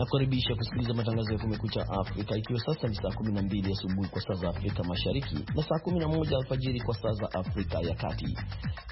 na kukaribisha kusikiliza matangazo ya Kumekucha Afrika, ikiwa sasa ni saa 12 asubuhi kwa saa za Afrika Mashariki na saa 11 alfajiri kwa saa za Afrika ya Kati.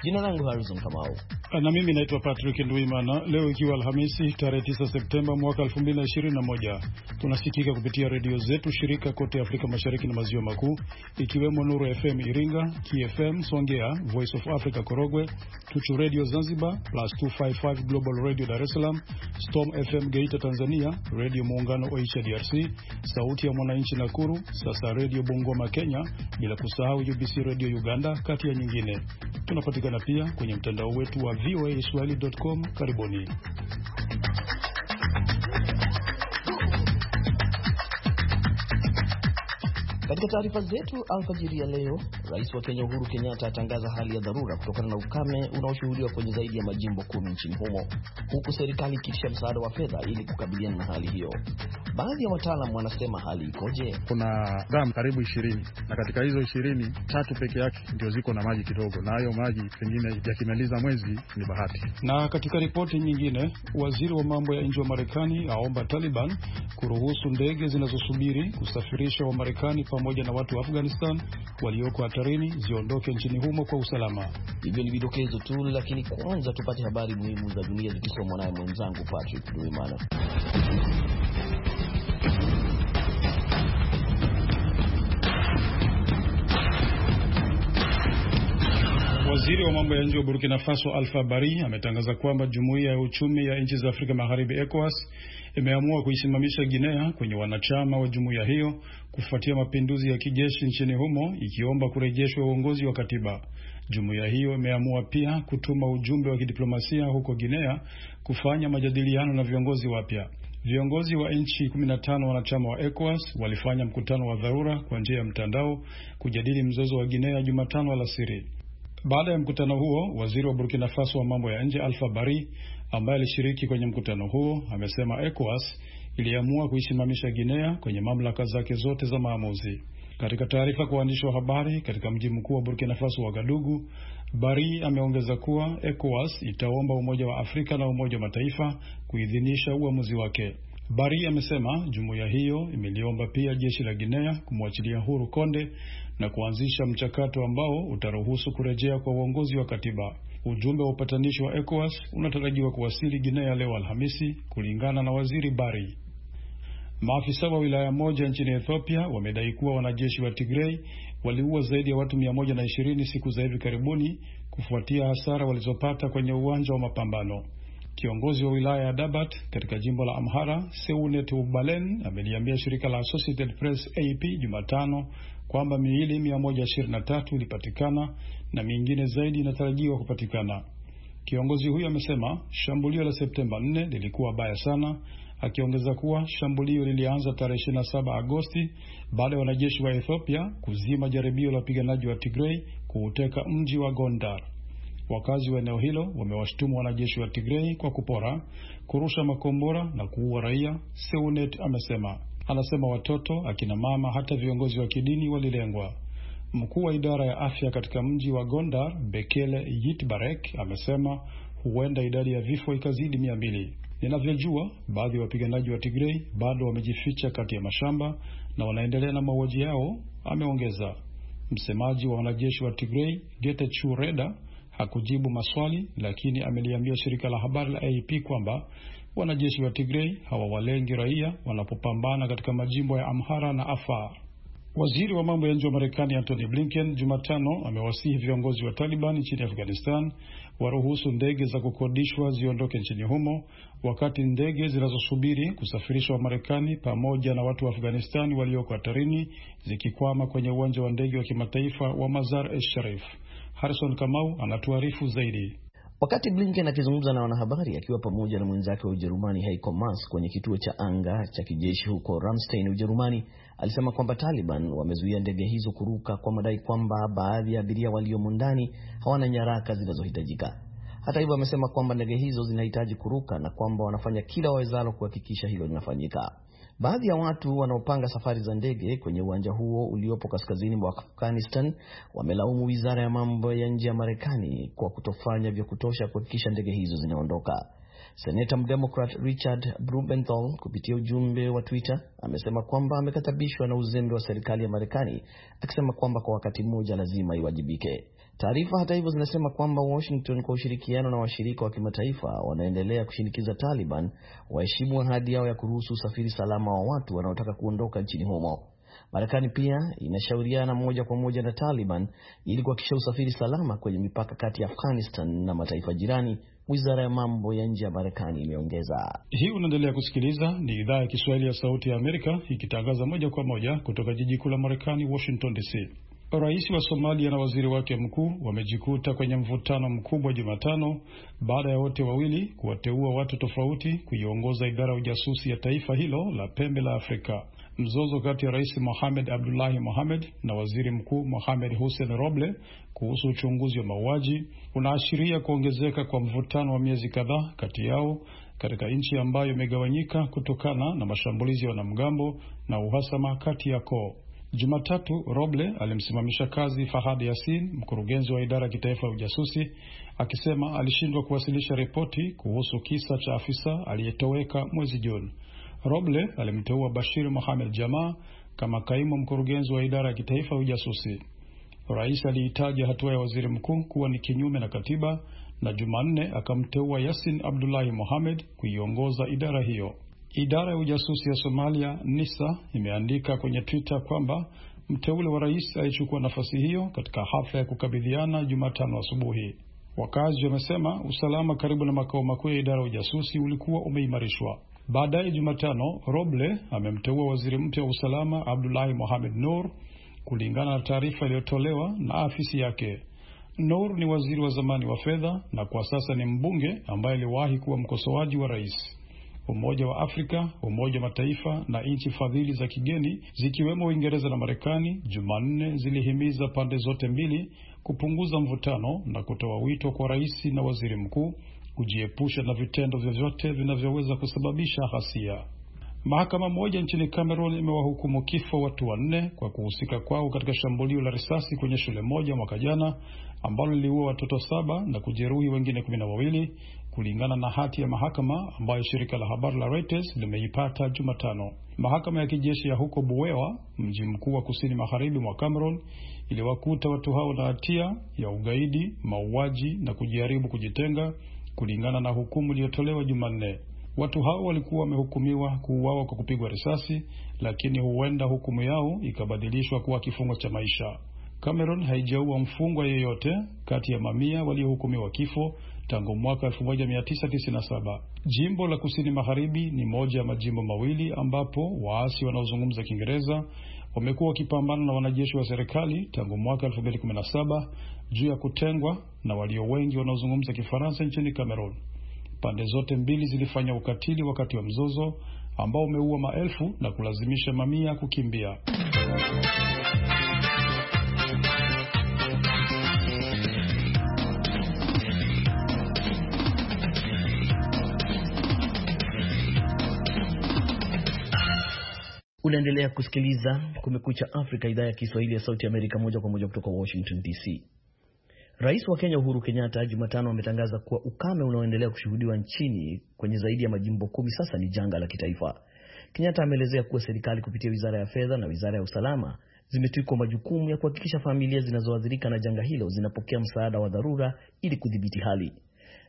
Jina langu Harrison Kamau Ah, na mimi naitwa Patrick Ndwimana. Leo ikiwa Alhamisi tarehe 9 Septemba mwaka 2021, tunasikika kupitia redio zetu shirika kote Afrika Mashariki na Maziwa Makuu, ikiwemo Nuru FM Iringa, KFM Songea, Voice of Africa Korogwe, Tuchu Redio Zanzibar, Plus 255 Global Radio Dar es Salaam, Storm FM Geita Tanzania, Redio Muungano Oicha DRC, Sauti ya Mwananchi Nakuru, Sasa redio Bungoma Kenya, bila kusahau UBC redio Uganda, kati ya nyingine. Tunapatikana pia kwenye mtandao wetu wa VOA Swahili.com. Karibuni. Katika taarifa zetu alfajiri ya leo, Rais wa Kenya Uhuru Kenyatta atangaza hali ya dharura kutokana na ukame unaoshuhudiwa kwenye zaidi ya majimbo kumi nchini humo, huku serikali ikiitisha msaada wa fedha ili kukabiliana na hali hiyo. Baadhi ya wataalam wanasema hali ikoje? Kuna dam karibu ishirini na katika hizo ishirini tatu peke yake ndio ziko na maji kidogo, na hayo maji pengine yakimaliza mwezi ni bahati. Na katika ripoti nyingine, waziri wa mambo ya nje wa Marekani aomba Taliban kuruhusu ndege zinazosubiri kusafirisha Wamarekani pamoja na watu wa Afghanistan walioko hatarini ziondoke nchini humo kwa usalama. Hivyo ni vidokezo tu, lakini kwanza tupate habari muhimu za dunia zikisomwa naye mwenzangu Patrick Duimana. Waziri wa mambo ya nje wa Burkina Faso Alpha Bari ametangaza kwamba jumuiya ya uchumi ya nchi za Afrika Magharibi ECOWAS imeamua kuisimamisha Guinea kwenye wanachama wa jumuiya hiyo kufuatia mapinduzi ya kijeshi nchini humo ikiomba kurejeshwa uongozi wa katiba. Jumuiya hiyo imeamua pia kutuma ujumbe wa kidiplomasia huko Guinea kufanya majadiliano na viongozi wapya. Viongozi wa nchi 15 wanachama wa ECOWAS walifanya mkutano wa dharura kwa njia ya mtandao kujadili mzozo wa Guinea Jumatano alasiri. Baada ya mkutano huo, waziri wa Burkina Faso wa mambo ya nje alfa Bari, ambaye alishiriki kwenye mkutano huo, amesema ECOWAS iliamua kuisimamisha Guinea kwenye mamlaka zake zote za maamuzi. Katika taarifa kwa waandishi wa habari katika mji mkuu wa Burkina Faso Wagadugu, Bari ameongeza kuwa ECOWAS itaomba Umoja wa Afrika na Umoja wa Mataifa kuidhinisha uamuzi wake. Bari amesema jumuiya hiyo imeliomba pia jeshi la Guinea kumwachilia huru Konde na kuanzisha mchakato ambao utaruhusu kurejea kwa uongozi wa katiba. Ujumbe wa upatanishi wa ECOWAS unatarajiwa kuwasili Guinea leo Alhamisi, kulingana na waziri Bari. Maafisa wa wilaya moja nchini Ethiopia wamedai kuwa wanajeshi wa Tigrei waliua zaidi ya watu 120 siku za hivi karibuni kufuatia hasara walizopata kwenye uwanja wa mapambano. Kiongozi wa wilaya ya Dabat katika jimbo la Amhara, Seune Tubalen, ameliambia shirika la Associated Press AP Jumatano kwamba miili 123 ilipatikana na mingine zaidi inatarajiwa kupatikana. Kiongozi huyo amesema shambulio la Septemba 4 lilikuwa baya sana, akiongeza kuwa shambulio lilianza tarehe 27 Agosti baada ya wanajeshi wa Ethiopia kuzima jaribio la wapiganaji wa Tigray kuuteka mji wa Gondar. Wakazi wa eneo hilo wamewashtumu wanajeshi wa Tigrei kwa kupora, kurusha makombora na kuua raia, Seunet amesema. Anasema watoto, akina mama, hata viongozi wa kidini walilengwa. Mkuu wa idara ya afya katika mji wa Gondar, Bekele Yitbarek, amesema huenda idadi ya vifo ikazidi mia mbili. Ninavyojua, baadhi ya wapiganaji wa Tigrei bado wamejificha kati ya mashamba na wanaendelea na mauaji yao, ameongeza. Msemaji wa wanajeshi wa Tigrei Getachew Reda hakujibu maswali, lakini ameliambia shirika la habari la AP kwamba wanajeshi wa Tigrei hawawalengi raia wanapopambana katika majimbo ya Amhara na Afar. Waziri wa mambo ya nje wa Marekani Antony Blinken Jumatano amewasihi viongozi wa Taliban nchini Afghanistan waruhusu ndege za kukodishwa ziondoke nchini humo, wakati ndege zinazosubiri kusafirishwa Marekani pamoja na watu wa Afghanistani walioko hatarini zikikwama kwenye uwanja wa ndege wa kimataifa wa Mazar-e Sharif. Harrison Kamau anatuarifu zaidi. Wakati Blinken akizungumza na wanahabari akiwa pamoja na mwenzake wa Ujerumani Heiko Maas kwenye kituo cha anga cha kijeshi huko Ramstein, Ujerumani, alisema kwamba Taliban wamezuia ndege hizo kuruka kwa madai kwamba baadhi ya abiria waliomo ndani hawana nyaraka zinazohitajika. Hata hivyo, amesema kwamba ndege hizo zinahitaji kuruka na kwamba wanafanya kila wawezalo kuhakikisha hilo linafanyika. Baadhi ya watu wanaopanga safari za ndege kwenye uwanja huo uliopo kaskazini mwa Afghanistan wamelaumu wizara ya mambo ya nje ya Marekani kwa kutofanya vya kutosha kuhakikisha ndege hizo zinaondoka. Senata mdemokrat Richard Blumenthal kupitia ujumbe wa Twitter amesema kwamba amekatabishwa na uzembe wa serikali ya Marekani, akisema kwamba kwa wakati mmoja lazima iwajibike. Taarifa hata hivyo zinasema kwamba Washington kwa ushirikiano na washirika wa kimataifa wanaendelea kushinikiza Taliban waheshimu ahadi yao ya kuruhusu usafiri salama wa watu wanaotaka kuondoka nchini humo. Marekani pia inashauriana moja kwa moja na Taliban ili kuhakikisha usafiri salama kwenye mipaka kati ya Afghanistan na mataifa jirani. Wizara ya mambo ya nje ya Marekani imeongeza. Hii unaendelea kusikiliza, ni idhaa ya Kiswahili ya Sauti ya Amerika ikitangaza moja kwa moja kutoka jiji kuu la Marekani, Washington DC. Rais wa Somalia na waziri wake mkuu wamejikuta kwenye mvutano mkubwa Jumatano baada ya wote wawili kuwateua watu tofauti kuiongoza idara ya ujasusi ya taifa hilo la pembe la Afrika. Mzozo kati ya Rais Mohamed Abdullahi Mohamed na waziri mkuu Mohamed Hussein Roble kuhusu uchunguzi wa mauaji unaashiria kuongezeka kwa mvutano wa miezi kadhaa kati yao katika nchi ambayo imegawanyika kutokana na mashambulizi ya wanamgambo na uhasama kati ya koo. Jumatatu Roble alimsimamisha kazi Fahad Yasin, mkurugenzi wa idara ya kitaifa ya ujasusi, akisema alishindwa kuwasilisha ripoti kuhusu kisa cha afisa aliyetoweka mwezi Juni. Roble alimteua Bashir Mohamed Jamaa kama kaimu mkurugenzi wa idara ya kitaifa ya ujasusi. Rais aliitaja hatua ya waziri mkuu kuwa ni kinyume na katiba na Jumanne akamteua Yasin Abdullahi Mohamed kuiongoza idara hiyo. Idara ya ujasusi ya Somalia NISA imeandika kwenye Twitter kwamba mteule wa rais alichukua nafasi hiyo katika hafla ya kukabidhiana Jumatano asubuhi. wakazi wamesema usalama karibu na makao makuu ya idara ya ujasusi ulikuwa umeimarishwa. Baadaye Jumatano, Roble amemteua waziri mpya wa usalama Abdulahi Mohamed Nur kulingana na taarifa iliyotolewa na afisi yake. Nur ni waziri wa zamani wa fedha na kwa sasa ni mbunge ambaye aliwahi kuwa mkosoaji wa rais. Umoja wa Afrika, Umoja wa Mataifa na nchi fadhili za kigeni zikiwemo Uingereza na Marekani Jumanne zilihimiza pande zote mbili kupunguza mvutano na kutoa wito kwa rais na waziri mkuu kujiepusha na vitendo vyovyote vinavyoweza kusababisha ghasia. Mahakama moja nchini Cameroon imewahukumu kifo watu wanne kwa kuhusika kwao katika shambulio la risasi kwenye shule moja mwaka jana ambalo liliua watoto saba na kujeruhi wengine kumi na wawili kulingana na hati ya mahakama ambayo shirika la habari la Reuters limeipata Jumatano. Mahakama ya kijeshi ya huko buewa mji mkuu wa kusini magharibi mwa Cameroon, iliwakuta watu hao na hatia ya ugaidi, mauaji na kujaribu kujitenga, kulingana na hukumu iliyotolewa Jumanne. Watu hao walikuwa wamehukumiwa kuuawa kwa kupigwa risasi, lakini huenda hukumu yao ikabadilishwa kuwa kifungo cha maisha. Cameroon haijaua mfungwa yeyote kati ya mamia waliohukumiwa kifo tangu mwaka 1997. Jimbo la Kusini Magharibi ni moja ya majimbo mawili ambapo waasi wanaozungumza Kiingereza wamekuwa wakipambana na wanajeshi wa serikali tangu mwaka 2017 juu ya kutengwa na walio wengi wanaozungumza Kifaransa nchini Cameroon. Pande zote mbili zilifanya ukatili wakati wa mzozo ambao umeua maelfu na kulazimisha mamia kukimbia. Unaendelea kusikiliza Kumekucha Afrika, idhaa ya Kiswahili ya Sauti Amerika, moja kwa moja kutoka Washington DC. Rais wa Kenya Uhuru Kenyatta Jumatano ametangaza kuwa ukame unaoendelea kushuhudiwa nchini kwenye zaidi ya majimbo kumi sasa ni janga la kitaifa. Kenyatta ameelezea kuwa serikali kupitia wizara ya fedha na wizara ya usalama zimetwikwa majukumu ya kuhakikisha familia zinazoathirika na janga hilo zinapokea msaada wa dharura ili kudhibiti hali.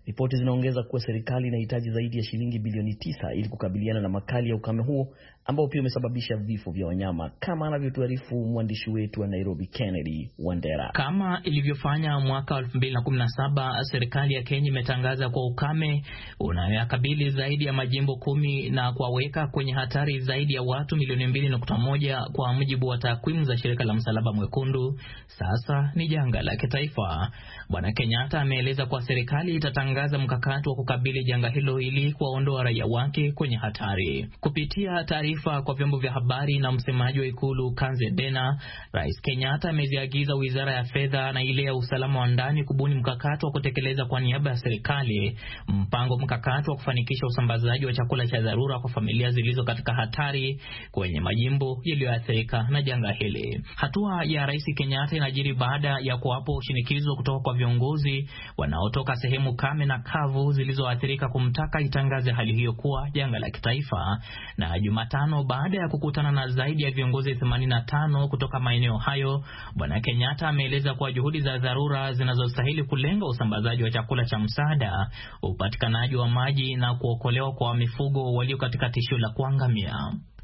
Ripoti zinaongeza kuwa serikali inahitaji zaidi ya shilingi bilioni tisa ili kukabiliana na makali ya ukame huo ambao pia umesababisha vifo vya wanyama, kama anavyotuarifu mwandishi wetu wa Nairobi, Kennedy Wandera. Kama ilivyofanya mwaka wa 2017 serikali ya Kenya imetangaza kwa ukame unayoyakabili zaidi ya majimbo kumi na kuwaweka kwenye hatari zaidi ya watu milioni 2.1 kwa mujibu wa takwimu za shirika la Msalaba Mwekundu. Sasa ni janga la kitaifa. Bwana Kenyatta ameeleza kuwa serikali itatangaza kutangaza mkakati wa kukabili janga hilo ili kuwaondoa raia wake kwenye hatari. Kupitia taarifa kwa vyombo vya habari na msemaji wa ikulu Kanze Dena, Rais Kenyatta ameziagiza wizara ya fedha na ile ya usalama wa ndani kubuni mkakati wa kutekeleza kwa niaba ya serikali mpango mkakati wa kufanikisha usambazaji wa chakula cha dharura kwa familia zilizo katika hatari kwenye majimbo yaliyoathirika na janga hili. Hatua ya Rais Kenyatta inajiri baada ya kuwapo shinikizo kutoka kwa viongozi wanaotoka sehemu kame ukame na kavu zilizoathirika kumtaka itangaze hali hiyo kuwa janga la kitaifa. Na Jumatano, baada ya kukutana na zaidi ya viongozi 85 kutoka maeneo hayo, Bwana Kenyatta ameeleza kuwa juhudi za dharura zinazostahili kulenga usambazaji wa chakula cha msaada, upatikanaji wa maji na kuokolewa kwa mifugo walio katika tishio la kuangamia.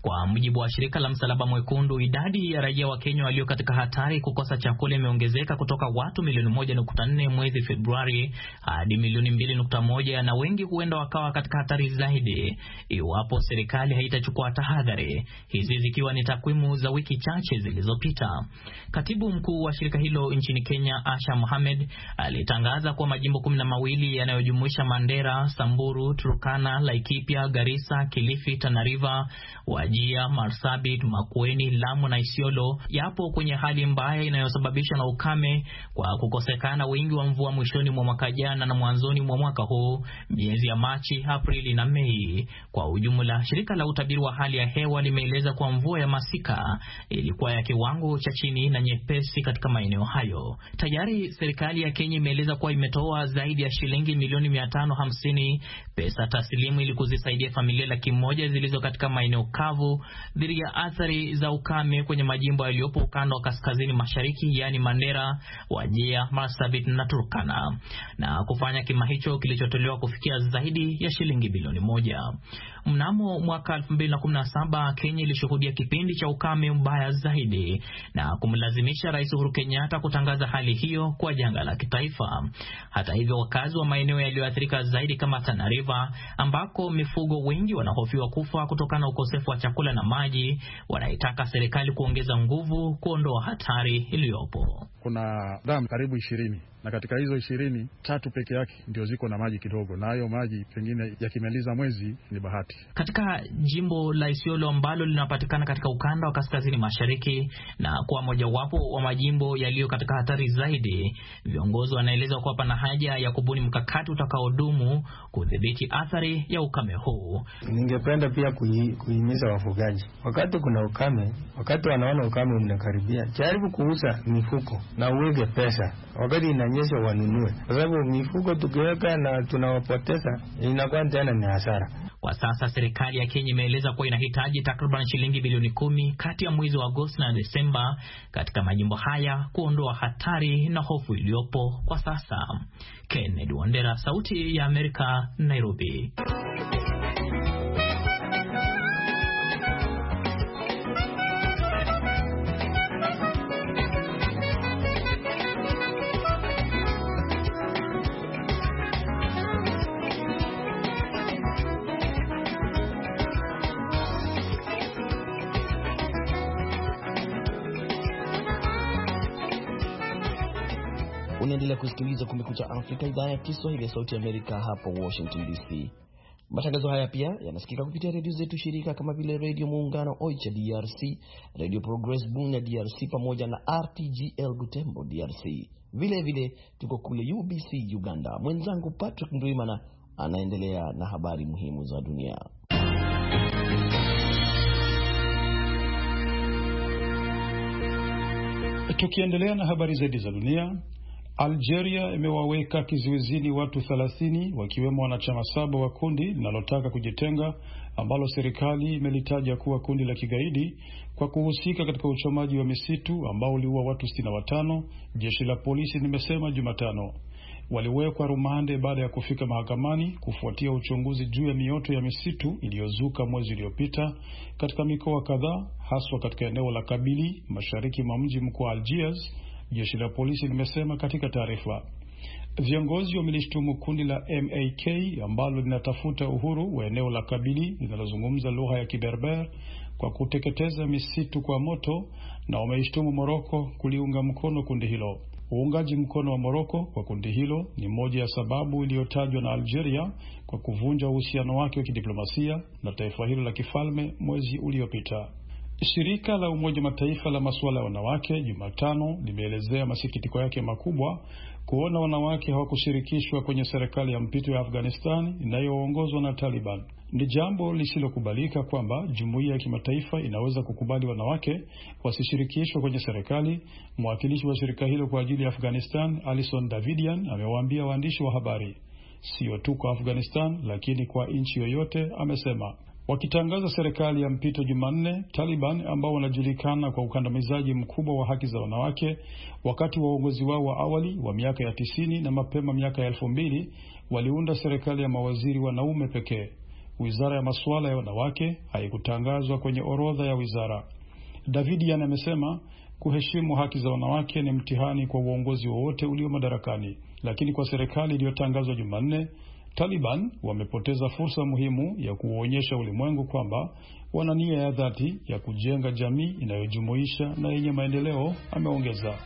Kwa mujibu wa shirika la Msalaba Mwekundu, idadi ya raia wa Kenya walio katika hatari kukosa chakula imeongezeka kutoka watu milioni moja nukta nne mwezi Februari hadi milioni mbili nukta moja na wengi huenda wakawa katika hatari zaidi iwapo serikali haitachukua tahadhari, hizi zikiwa ni takwimu za wiki chache zilizopita. Katibu mkuu wa shirika hilo nchini Kenya, Asha Mohamed, alitangaza kuwa majimbo kumi na mawili yanayojumuisha Mandera, Samburu, Turkana, Laikipia, Garissa, Kilifi, Tana River Wajia, Marsabit, Makueni, Lamu na Isiolo yapo kwenye hali mbaya inayosababishwa na ukame kwa kukosekana wingi wa mvua mwishoni mwa mwaka jana na mwanzoni mwa mwaka huu, miezi ya Machi, Aprili na Mei. Kwa ujumla, shirika la utabiri wa hali ya hewa limeeleza kuwa mvua ya masika ilikuwa ya kiwango cha chini na nyepesi katika maeneo hayo. Tayari serikali ya Kenya imeeleza kuwa imetoa zaidi ya shilingi milioni 550 pesa taslimu ili kuzisaidia familia laki moja zilizo katika maeneo kavu kavu dhidi ya athari za ukame kwenye majimbo yaliyopo ukanda wa kaskazini mashariki, yaani Mandera, Wajia, Marsabit na Turkana, na kufanya kima hicho kilichotolewa kufikia zaidi ya shilingi bilioni moja. Mnamo mwaka 2017 Kenya ilishuhudia kipindi cha ukame mbaya zaidi na kumlazimisha Rais Uhuru Kenyatta kutangaza hali hiyo kwa janga la kitaifa. Hata hivyo, wakazi wa maeneo yaliyoathirika zaidi kama Tana River ambako mifugo wengi wanahofiwa kufa kutokana na ukosefu wa chakula na maji wanaitaka serikali kuongeza nguvu kuondoa hatari iliyopo. Kuna dam karibu ishirini na katika hizo ishirini tatu peke yake ndio ziko na maji kidogo, na hayo maji pengine yakimaliza mwezi ni bahati. Katika jimbo la Isiolo ambalo linapatikana katika ukanda wa kaskazini mashariki na kuwa mojawapo wa majimbo yaliyo katika hatari zaidi, viongozi wanaeleza kuwa pana haja ya kubuni mkakati utakaodumu kudhibiti athari ya ukame huu. Ningependa pia kuhimiza wafugaji, wakati kuna ukame, wakati wanaona ukame unakaribia, jaribu kuuza mifuko na uweke pesa wakati ina kuonyesha wanunue, kwa sababu mifugo tukiweka na tunawapoteza inakuwa tena ni hasara. Kwa sasa serikali ya Kenya imeeleza kuwa inahitaji takriban shilingi bilioni kumi kati ya mwezi wa Agosti na Desemba katika majimbo haya kuondoa hatari na hofu iliyopo kwa sasa. Kennedy Wandera, Sauti ya Amerika, Nairobi. Unaendelea kusikiliza Kumekucha Afrika, idhaa ya Kiswahili ya Sauti Amerika, hapa Washington DC. Matangazo haya pia yanasikika kupitia redio zetu shirika kama vile Redio Muungano Oicha DRC, radio Progress bunya DRC, pamoja na RTGL Butembo DRC. Vilevile tuko kule UBC Uganda. Mwenzangu Patrick Ndwimana anaendelea na habari muhimu za dunia. Tukiendelea na habari zaidi za dunia, Algeria imewaweka kizuizini watu thelathini wakiwemo wanachama saba wa kundi linalotaka kujitenga ambalo serikali imelitaja kuwa kundi la kigaidi kwa kuhusika katika uchomaji wa misitu ambao uliua watu sitini watano, jeshi la polisi limesema Jumatano. Waliwekwa rumande baada ya kufika mahakamani kufuatia uchunguzi juu ya mioto ya misitu iliyozuka mwezi uliopita katika mikoa kadhaa, haswa katika eneo la Kabili, mashariki mwa mji mkuu wa Algiers jeshi la polisi limesema katika taarifa. Viongozi wamelishtumu kundi la MAK ambalo linatafuta uhuru wa eneo la Kabili linalozungumza lugha ya Kiberber kwa kuteketeza misitu kwa moto na wameishtumu Moroko kuliunga mkono kundi hilo. Uungaji mkono wa Moroko kwa kundi hilo ni moja ya sababu iliyotajwa na Algeria kwa kuvunja uhusiano wake wa kidiplomasia na taifa hilo la kifalme mwezi uliopita. Shirika la Umoja Mataifa la masuala ya wanawake Jumatano limeelezea masikitiko yake makubwa kuona wanawake hawakushirikishwa kwenye serikali ya mpito ya Afghanistan inayoongozwa na Taliban. Ni jambo lisilokubalika kwamba jumuiya ya kimataifa inaweza kukubali wanawake wasishirikishwe kwenye serikali, mwakilishi wa shirika hilo kwa ajili ya Afghanistan Alison Davidian amewaambia waandishi wa habari. Sio tu kwa Afghanistan, lakini kwa nchi yoyote, amesema. Wakitangaza serikali ya mpito Jumanne, Taliban ambao wanajulikana kwa ukandamizaji mkubwa wa haki za wanawake wakati wa uongozi wao wa awali wa miaka ya tisini na mapema miaka ya elfu mbili waliunda serikali ya mawaziri wanaume pekee. Wizara ya masuala ya wanawake haikutangazwa kwenye orodha ya wizara. Davidian amesema kuheshimu haki za wanawake ni mtihani kwa uongozi wowote ulio madarakani, lakini kwa serikali iliyotangazwa Jumanne Taliban wamepoteza fursa muhimu ya kuonyesha ulimwengu kwamba wana nia ya dhati ya kujenga jamii inayojumuisha na yenye maendeleo, ameongeza.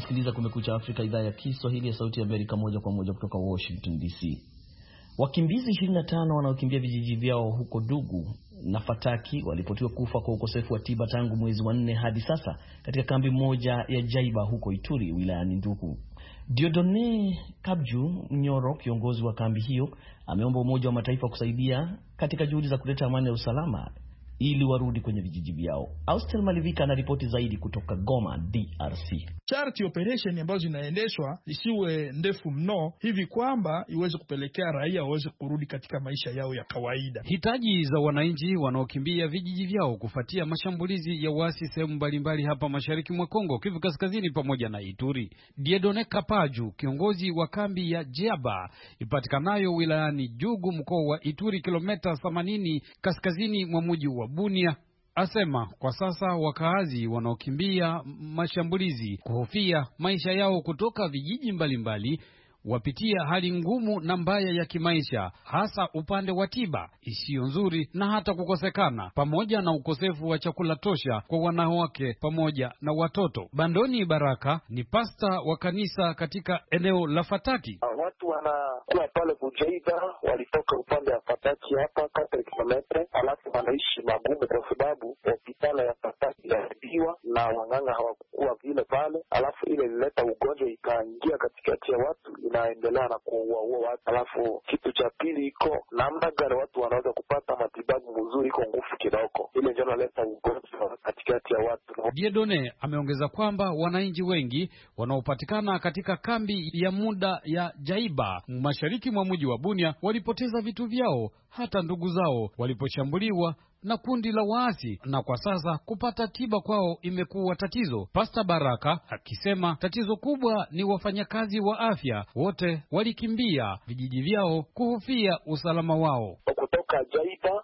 kusikiliza Kumekucha Afrika, idhaa ya Kiswahili ya Sauti ya Amerika, moja kwa moja kutoka Washington DC. Wakimbizi 25 wanaokimbia vijiji vyao huko Dugu na Fataki walipotiwa kufa kwa ukosefu wa tiba tangu mwezi wa nne hadi sasa katika kambi moja ya Jaiba huko Ituri wilayani Ndugu. Diodone Kabju Nyoro, kiongozi wa kambi hiyo, ameomba Umoja wa Mataifa kusaidia katika juhudi za kuleta amani ya usalama ili warudi kwenye vijiji vyao. Austel Malivika anaripoti zaidi kutoka Goma, DRC. Sharti operation ambazo zinaendeshwa isiwe ndefu mno hivi kwamba iweze kupelekea raia waweze kurudi katika maisha yao ya kawaida. Hitaji za wananchi wanaokimbia vijiji vyao kufuatia mashambulizi ya waasi sehemu mbalimbali hapa mashariki mwa Kongo, Kivu Kaskazini pamoja na Ituri. Diedone Kapaju, kiongozi wa kambi ya Jeba ipatikanayo wilayani Jugu, mkoa wa Ituri, kilometa 80 kaskazini mwa muji wa Bunia asema kwa sasa wakaazi wanaokimbia mashambulizi kuhofia maisha yao kutoka vijiji mbalimbali mbali, wapitia hali ngumu na mbaya ya kimaisha hasa upande wa tiba isiyo nzuri na hata kukosekana pamoja na ukosefu wa chakula tosha kwa wanawake pamoja na watoto. Bandoni Baraka ni pasta wa kanisa katika eneo la Fataki wanakuwa pale Bujaida, walitoka upande wa Pataki hapa katre kilometre, alafu wanaishi magumu kwa sababu hospitali ya Pataki iliharibiwa na wang'anga hawakukuwa vile pale, alafu ile ilileta ugonjwa ikaingia katikati ya watu, inaendelea na kuuaua watu. Alafu kitu cha pili iko namna gari watu wanaweza kupata matibabu mzuri, iko ngufu kidogo, ile ndio inaleta ugonjwa katikati ya watu. Diedone ameongeza kwamba wananchi wengi wanaopatikana katika kambi ya muda ya Jaiba Bukoba, mashariki mwa mji wa Bunia, walipoteza vitu vyao, hata ndugu zao waliposhambuliwa na kundi la waasi, na kwa sasa kupata tiba kwao imekuwa tatizo. Pasta Baraka akisema tatizo kubwa ni wafanyakazi wa afya wote walikimbia vijiji vyao kuhofia usalama wao. Kutoka Jaita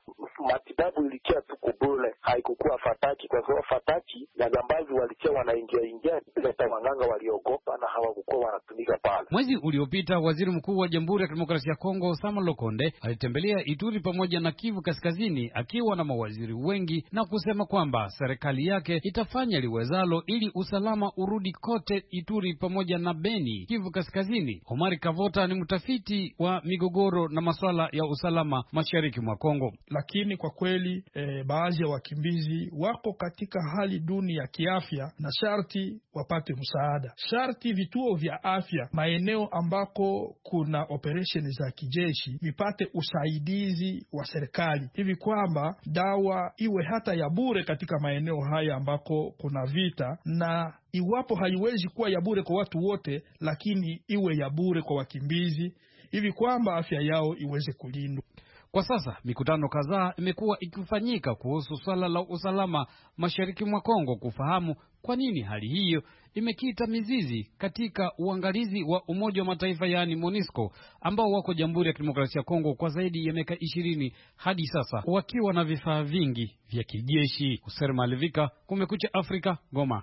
matibabu ilikia tuku bule, haikukuwa fataki kwa sababu fataki nyanyambazi walikia wanaingia ingia, leta wanganga waliogopa na hawakukuwa wanatumika pale. Mwezi uliopita waziri mkuu wa Jamhuri ya Kidemokrasia ya Kongo Sama Lokonde alitembelea Ituri pamoja na Kivu Kaskazini akiwa na na mawaziri wengi na kusema kwamba serikali yake itafanya liwezalo ili usalama urudi kote Ituri pamoja na Beni, Kivu Kaskazini. Omari Kavota ni mtafiti wa migogoro na masuala ya usalama mashariki mwa Kongo. Lakini kwa kweli e, baadhi ya wakimbizi wako katika hali duni ya kiafya na sharti wapate msaada. Sharti vituo vya afya, maeneo ambako kuna operesheni za kijeshi vipate usaidizi wa serikali hivi kwamba dawa iwe hata ya bure katika maeneo haya ambako kuna vita, na iwapo haiwezi kuwa ya bure kwa watu wote, lakini iwe ya bure kwa wakimbizi, hivi kwamba afya yao iweze kulindwa. Kwa sasa mikutano kadhaa imekuwa ikifanyika kuhusu swala la usalama mashariki mwa Kongo kufahamu kwa nini hali hiyo imekita mizizi katika uangalizi wa Umoja wa Mataifa yaani MONUSCO ambao wako Jamhuri ya Kidemokrasia ya Kongo kwa zaidi ya miaka ishirini hadi sasa wakiwa na vifaa vingi vya kijeshi. Huser Malivika, Kumekucha Afrika, Goma.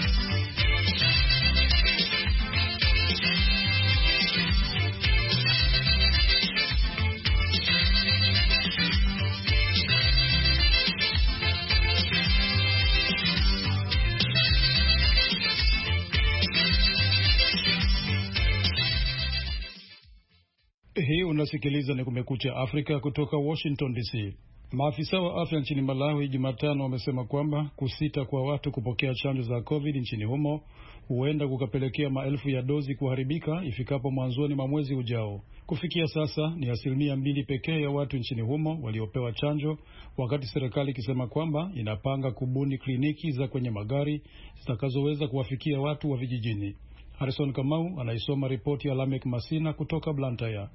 Unasikiliza ni Kumekucha Afrika kutoka Washington DC. Maafisa wa afya nchini Malawi Jumatano wamesema kwamba kusita kwa watu kupokea chanjo za COVID nchini humo huenda kukapelekea maelfu ya dozi kuharibika ifikapo mwanzoni mwa mwezi ujao. Kufikia sasa ni asilimia mbili pekee ya watu nchini humo waliopewa chanjo, wakati serikali ikisema kwamba inapanga kubuni kliniki za kwenye magari zitakazoweza kuwafikia watu wa vijijini. Harison Kamau anaisoma ripoti ya Lamek Masina kutoka Blantaya.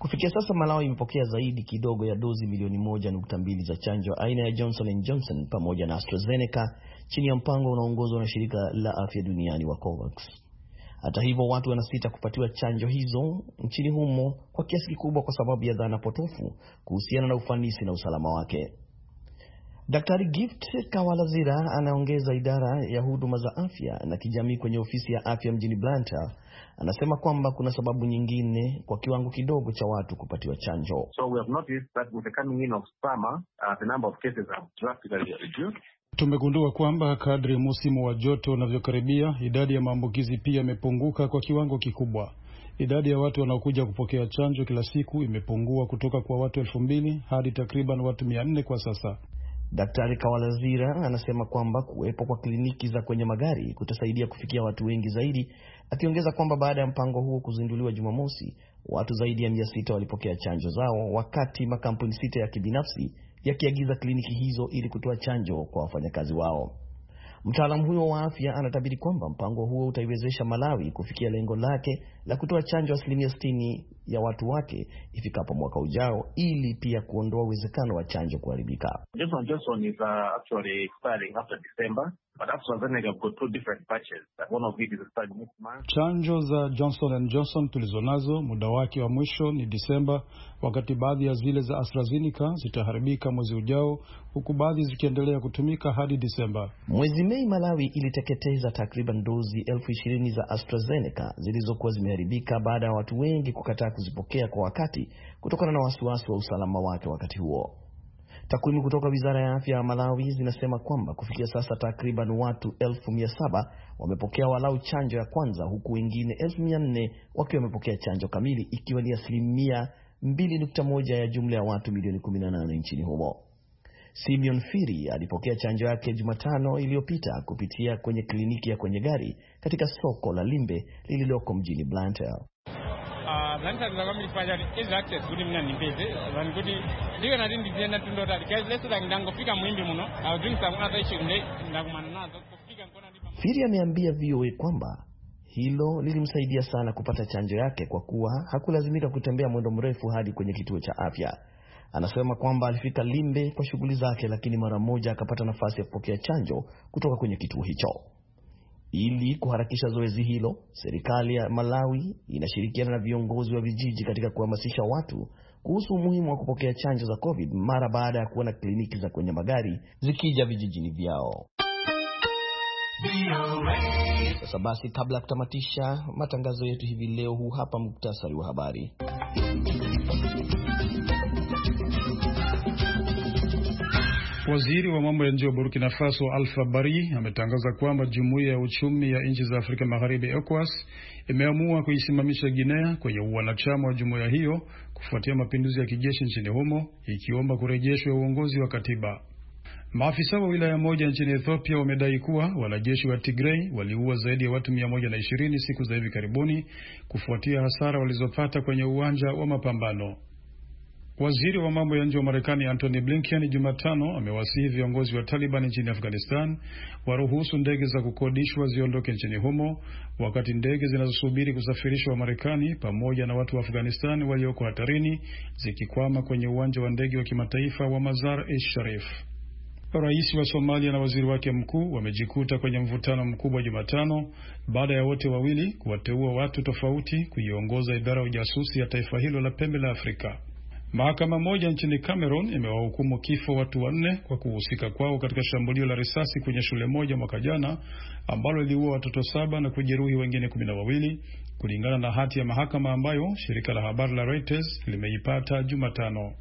Kufikia sasa Malawi imepokea zaidi kidogo ya dozi milioni moja nukta mbili za chanjo aina ya Johnson and Johnson pamoja na AstraZeneca chini ya mpango unaoongozwa na shirika la afya duniani wa COVAX. Hata hivyo, watu wanasita kupatiwa chanjo hizo nchini humo kwa kiasi kikubwa kwa sababu ya dhana potofu kuhusiana na ufanisi na usalama wake. Daktari Gift Kawalazira anaongeza idara ya huduma za afya na kijamii kwenye ofisi ya afya mjini blanta anasema kwamba kuna sababu nyingine kwa kiwango kidogo cha watu kupatiwa chanjo. So we have noticed that with the coming in of summer, uh, the number of cases have drastically reduced. Tumegundua kwamba kadri msimu wa joto unavyokaribia, idadi ya maambukizi pia imepunguka kwa kiwango kikubwa. Idadi ya watu wanaokuja kupokea chanjo kila siku imepungua kutoka kwa watu elfu mbili hadi takriban watu mia nne kwa sasa. Daktari Kawalazira anasema kwamba kuwepo kwa kliniki za kwenye magari kutasaidia kufikia watu wengi zaidi, akiongeza kwamba baada ya mpango huo kuzinduliwa Jumamosi, watu zaidi ya mia sita walipokea chanjo zao, wakati makampuni sita ya kibinafsi yakiagiza kliniki hizo ili kutoa chanjo kwa wafanyakazi wao. Mtaalamu huyo wa afya anatabiri kwamba mpango huo utaiwezesha Malawi kufikia lengo lake la kutoa chanjo asilimia 60 ya watu wake ifikapo mwaka ujao, ili pia kuondoa uwezekano wa chanjo kuharibika. Uh, chanjo za Johnson and Johnson tulizo nazo muda wake wa mwisho ni Disemba wakati baadhi ya zile za AstraZeneca zitaharibika mwezi ujao, huku baadhi zikiendelea kutumika hadi Disemba. Mwezi Mei, Malawi iliteketeza takriban dozi elfu ishirini za AstraZeneca zilizokuwa zimeharibika baada ya watu wengi kukataa kuzipokea kwa wakati kutokana na wasiwasi wa usalama wake wakati huo. Takwimu kutoka wizara ya afya ya Malawi zinasema kwamba kufikia sasa takriban watu elfu mia saba wamepokea walau chanjo ya kwanza huku wengine elfu mia nne wakiwa wamepokea chanjo kamili ikiwa ni asilimia 2.1 ya jumla ya watu milioni 18 nchini humo. Simeon Firi alipokea chanjo yake Jumatano iliyopita kupitia kwenye kliniki ya kwenye gari katika soko la Limbe lililoko mjini Blantyre. Ah, Firi ameambia VOA kwamba hilo lilimsaidia sana kupata chanjo yake kwa kuwa hakulazimika kutembea mwendo mrefu hadi kwenye kituo cha afya. Anasema kwamba alifika Limbe kwa shughuli zake, lakini mara moja akapata nafasi ya kupokea chanjo kutoka kwenye kituo hicho. Ili kuharakisha zoezi hilo, serikali ya Malawi inashirikiana na viongozi wa vijiji katika kuhamasisha watu kuhusu umuhimu wa kupokea chanjo za COVID mara baada ya kuona kliniki za kwenye magari zikija vijijini vyao. Sasa basi, kabla ya kutamatisha matangazo yetu hivi leo, huu hapa muktasari wa habari. Waziri wa mambo ya nje wa Burkina Faso alfa Bari ametangaza kwamba jumuiya ya uchumi ya nchi za Afrika Magharibi ECOWAS imeamua kuisimamisha Guinea kwenye uwanachama wa jumuiya hiyo kufuatia mapinduzi ya kijeshi nchini humo, ikiomba kurejeshwa uongozi wa katiba. Maafisa wa wilaya moja nchini Ethiopia wamedai kuwa wanajeshi wa Tigrei waliua zaidi ya watu mia moja na ishirini siku za hivi karibuni kufuatia hasara walizopata kwenye uwanja wa mapambano. Waziri wa mambo ya nje wa Marekani Antony Blinken Jumatano amewasihi viongozi wa Taliban nchini Afghanistan waruhusu ndege za kukodishwa ziondoke nchini humo, wakati ndege zinazosubiri kusafirishwa Marekani pamoja na watu wa Afghanistan walioko hatarini zikikwama kwenye uwanja wa ndege wa kimataifa wa Mazar-e Sharif. Rais wa Somalia na waziri wake mkuu wamejikuta kwenye mvutano mkubwa Jumatano baada ya wote wawili kuwateua watu tofauti kuiongoza idara ya ujasusi ya taifa hilo la pembe la Afrika. Mahakama moja nchini Cameroon imewahukumu kifo watu wanne kwa kuhusika kwao katika shambulio la risasi kwenye shule moja mwaka jana ambalo iliua watoto saba na kujeruhi wengine kumi na wawili kulingana na hati ya mahakama ambayo shirika la habari la Reuters limeipata Jumatano.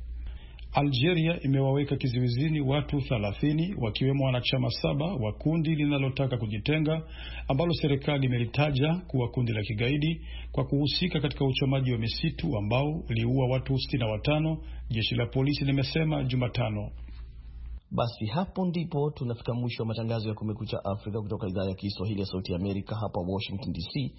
Algeria imewaweka kizuizini watu 30 wakiwemo wanachama saba wa kundi linalotaka kujitenga ambalo serikali imelitaja kuwa kundi la kigaidi kwa kuhusika katika uchomaji wa misitu ambao uliua watu sitini watano, jeshi la polisi limesema Jumatano. Basi hapo ndipo tunafika mwisho wa matangazo ya Kumekucha Afrika kutoka idhaa ya Kiswahili ya Sauti Amerika hapa Washington DC.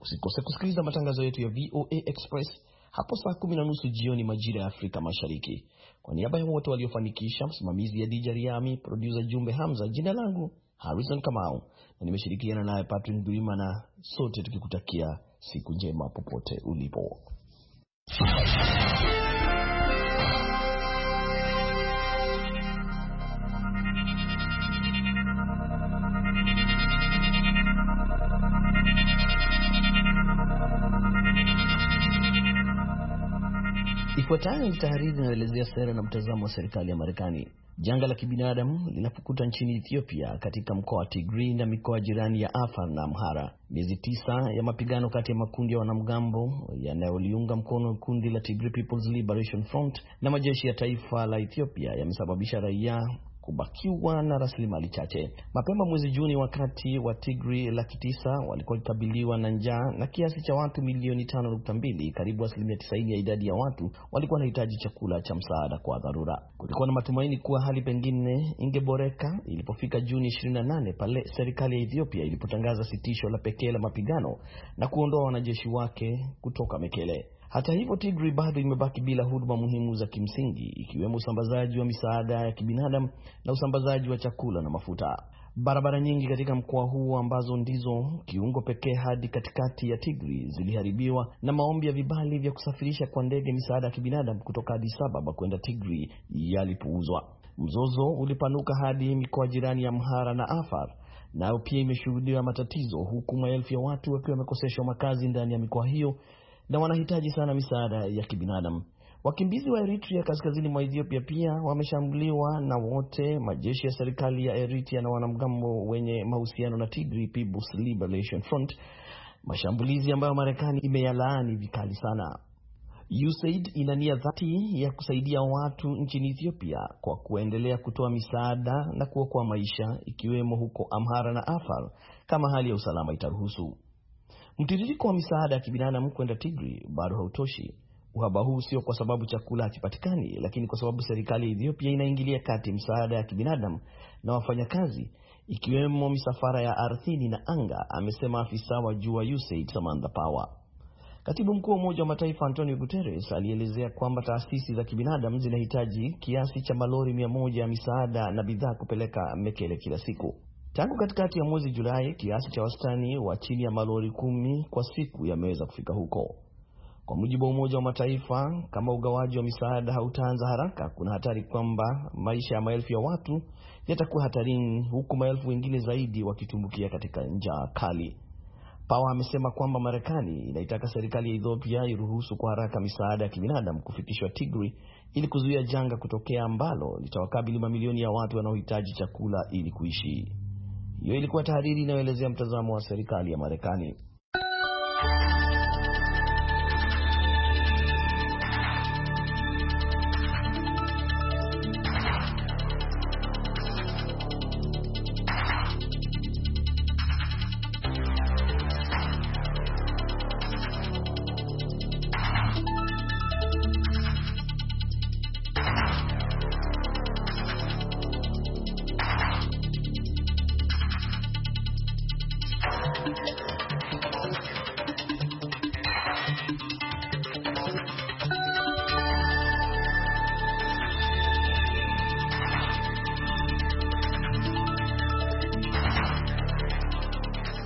Usikose kusikiliza matangazo yetu ya VOA Express hapo saa kumi na nusu jioni majira ya Afrika Mashariki. Kwa niaba ya wote waliofanikisha, msimamizi DJ Riami, produsa Jumbe Hamza, jina langu Harrison Kamau na nimeshirikiana naye Patrick Duima, na sote tukikutakia siku njema popote ulipo. Ifuatayo ni tahariri inayoelezea sera na mtazamo wa serikali ya Marekani. Janga la kibinadamu linapokuta nchini Ethiopia katika mkoa wa Tigray na mikoa jirani ya Afar na Amhara. Miezi tisa ya mapigano kati ya makundi ya wanamgambo yanayoliunga mkono kundi la Tigray People's Liberation Front na majeshi ya taifa la Ethiopia yamesababisha raia kubakiwa na rasilimali chache. Mapema mwezi Juni, wakati wa Tigri laki tisa walikuwa wakikabiliwa na njaa na kiasi cha watu milioni tano nukta mbili, karibu asilimia tisaini ya idadi ya watu walikuwa wanahitaji chakula cha msaada kwa dharura. Kulikuwa na matumaini kuwa hali pengine ingeboreka ilipofika Juni 28 pale serikali ya Ethiopia ilipotangaza sitisho la pekee la mapigano na kuondoa wanajeshi wake kutoka Mekele. Hata hivyo, Tigray bado imebaki bila huduma muhimu za kimsingi ikiwemo usambazaji wa misaada ya kibinadamu na usambazaji wa chakula na mafuta. Barabara nyingi katika mkoa huo ambazo ndizo kiungo pekee hadi katikati ya Tigri ziliharibiwa na maombi ya vibali vya kusafirisha kwa ndege misaada ya kibinadamu kutoka Addis Ababa kwenda Tigri yalipuuzwa. Mzozo ulipanuka hadi mikoa jirani ya Amhara na Afar, nayo pia imeshuhudiwa matatizo, huku maelfu ya watu wakiwa wamekoseshwa makazi ndani ya mikoa hiyo na wanahitaji sana misaada ya kibinadamu. Wakimbizi wa Eritrea kaskazini mwa Ethiopia pia wameshambuliwa na wote majeshi ya serikali ya Eritrea na wanamgambo wenye mahusiano na Tigray People's Liberation Front, mashambulizi ambayo Marekani imeyalaani vikali sana. USAID ina nia dhati ya kusaidia watu nchini Ethiopia kwa kuendelea kutoa misaada na kuokoa maisha, ikiwemo huko Amhara na Afar kama hali ya usalama itaruhusu. Mtiririko wa misaada ya kibinadamu kwenda Tigri bado hautoshi. Uhaba huu sio kwa sababu chakula hakipatikani, lakini kwa sababu serikali ya Ethiopia inaingilia kati msaada ya kibinadamu na wafanyakazi, ikiwemo misafara ya ardhini na anga, amesema afisa wa juu wa USAID Samantha Power. Katibu mkuu wa Umoja wa Mataifa Antonio Guterres alielezea kwamba taasisi za kibinadamu zinahitaji kiasi cha malori mia moja ya misaada na bidhaa kupeleka Mekele kila siku. Tangu katikati ya mwezi Julai, kiasi cha wastani wa chini ya malori kumi kwa siku yameweza kufika huko. Kwa mujibu wa Umoja wa Mataifa, kama ugawaji wa misaada hautaanza haraka, kuna hatari kwamba maisha ya maelfu ya watu yatakuwa hatarini, huku maelfu wengine zaidi wakitumbukia katika njaa kali. Pawa amesema kwamba Marekani inaitaka serikali ya Ethiopia iruhusu kwa haraka misaada ya kibinadamu kufikishwa Tigri ili kuzuia janga kutokea ambalo litawakabili mamilioni ya watu wanaohitaji chakula ili kuishi. Hiyo ilikuwa tahariri inayoelezea mtazamo wa serikali ya Marekani.